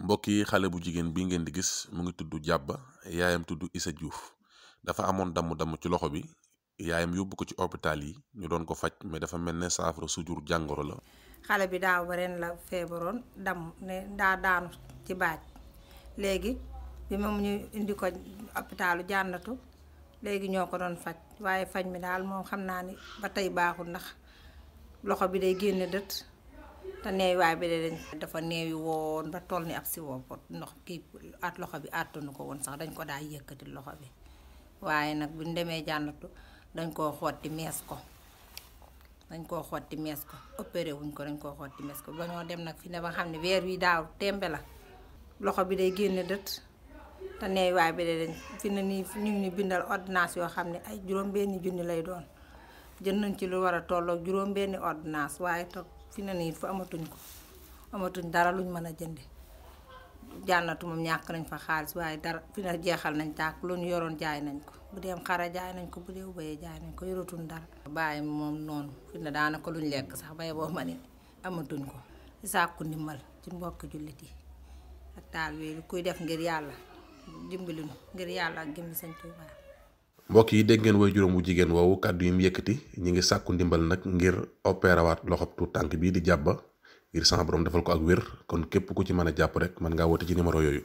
mbokk yi xale bu jigéen bi ngeen di gis mu ngi tudd jàbba yaayam tudd Isa juuf dafa amoon damm-damm ci loxo bi yaayam yóbbu ko ci hôpital yi ñu doon ko faj mais dafa mel ne saafara sujur jàngoro la xale bi daaw ba la feebaroon damm daa daanu ci baaj léegi bi moom ñu indi ko hôpitalu jànnatu léegi ñoo ko doon faj waaye faj mi daal moom xam naa ni ba tey baaxul ndax loxo bi day génne dët te neewaay bi de dafa neewi woon ba toll ni ab si woo pot ndox kii at loxo bi àttanu ko woon sax dañ ko daa yëkkati loxo bi waaye nag bu ñu demee jànnatu dañ koo xotti mees ko dañ koo xotti mees ko opéré wuñ ko dañ koo xotti mees ko ba ñoo dem nag fi ne ba xam ne weer wi daaw tembe la loxo bi day génne dët te neewaay bi de dañ fi ne nii ñu ngi bindal ordonnance yoo xam ne ay juróom benni junni lay doon jënd nañ ci lu war a tolloog juróom benni ordonnance waaye toog fi ne nii fa amatuñ ko dara luñ mën a jënd jànnatu moom ñàkk nañ fa xaalis waaye dara fi ne jeexal nañ tàkk lu yoroon jaay nañ ko bu dee xara jaay nañ ko bu dee bayee jaay nañ ko yoratuñ dara. bàyyi moom noonu fi ne daanaka luñ lekk sax bay boo ma ne amatuñ ko di sàkku ci mbokk jullit yi ak taal bi kuy def ngir yàlla dimbali ngir yàlla ak jëmmi Sëñ Tuubaa mbokk yi dégg ngeen way juróom wu jigéen woowu kàddu yi mu yëkkati ñu ngi sàkku ndimbal nag ngir opéré waat loxob tuut tànk bii di jàbba ngir sama borom defal ko ak wér kon képp ku ci mën a jàpp rek mën ngaa woote ci numéro yooyu